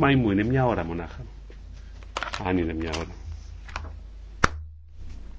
μαϊμού είναι μια ώρα μονάχα. Αν είναι μια ώρα.